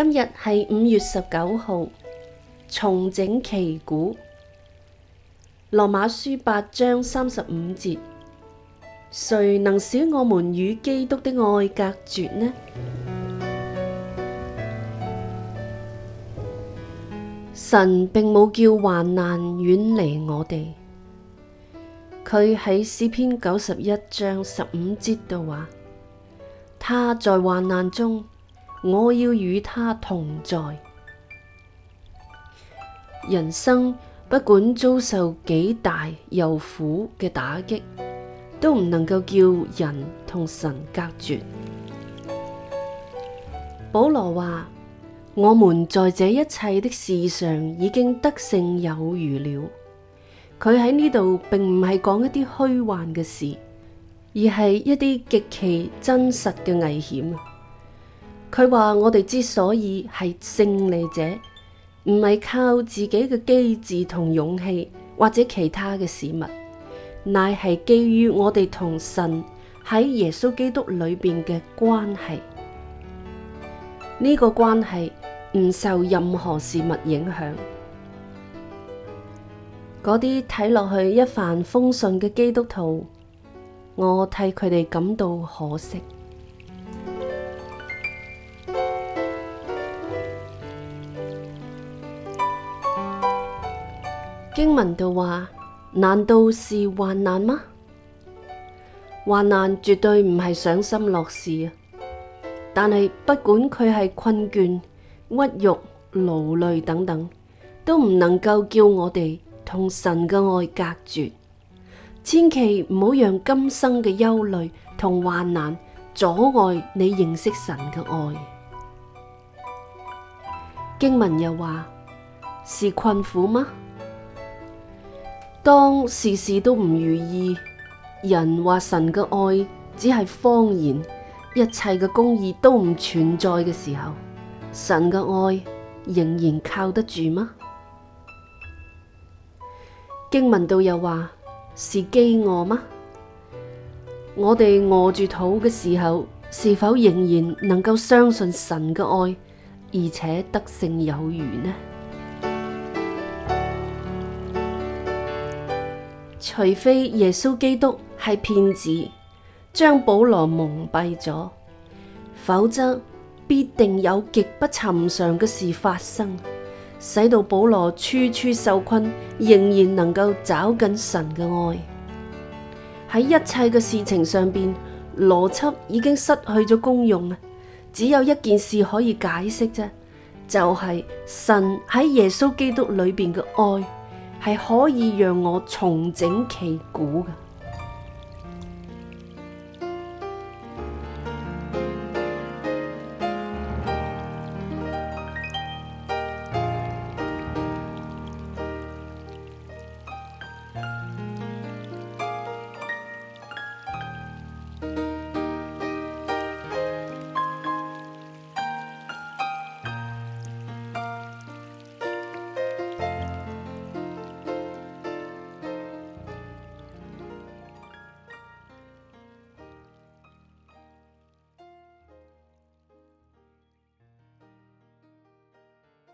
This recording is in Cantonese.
今日係五月十九號，重整旗鼓。羅馬書八章三十五節，誰能使我們與基督的愛隔絕呢？神並冇叫患難遠離我哋，佢喺詩篇九十一章十五節度話，他在患難中。我要與他同在。人生不管遭受幾大又苦嘅打擊，都唔能夠叫人同神隔絕。保羅話：我們在這一切的事上已經得勝有餘了。佢喺呢度並唔係講一啲虛幻嘅事，而係一啲極其真實嘅危險。佢話：我哋之所以係勝利者，唔係靠自己嘅機智同勇氣，或者其他嘅事物，乃係基於我哋同神喺耶穌基督裏邊嘅關係。呢個關係唔受任何事物影響。嗰啲睇落去一帆風順嘅基督徒，我替佢哋感到可惜。經文就話：難道是患難嗎？患難絕對唔係賞心樂事啊！但係不管佢係困倦、屈辱、勞累等等，都唔能夠叫我哋同神嘅愛隔絕。千祈唔好讓今生嘅憂慮同患難阻礙你認識神嘅愛。經文又話：是困苦嗎？當事事都唔如意，人話神嘅愛只係謊言，一切嘅公義都唔存在嘅時候，神嘅愛仍然靠得住嗎？經文道又話，是飢餓嗎？我哋餓住肚嘅時候，是否仍然能夠相信神嘅愛，而且得勝有餘呢？除非耶穌基督係騙子，將保羅蒙蔽咗，否則必定有極不尋常嘅事發生，使到保羅處處受困，仍然能夠找緊神嘅愛。喺一切嘅事情上邊，邏輯已經失去咗功用。只有一件事可以解釋啫，就係神喺耶穌基督裏邊嘅愛。係可以讓我重整旗鼓嘅。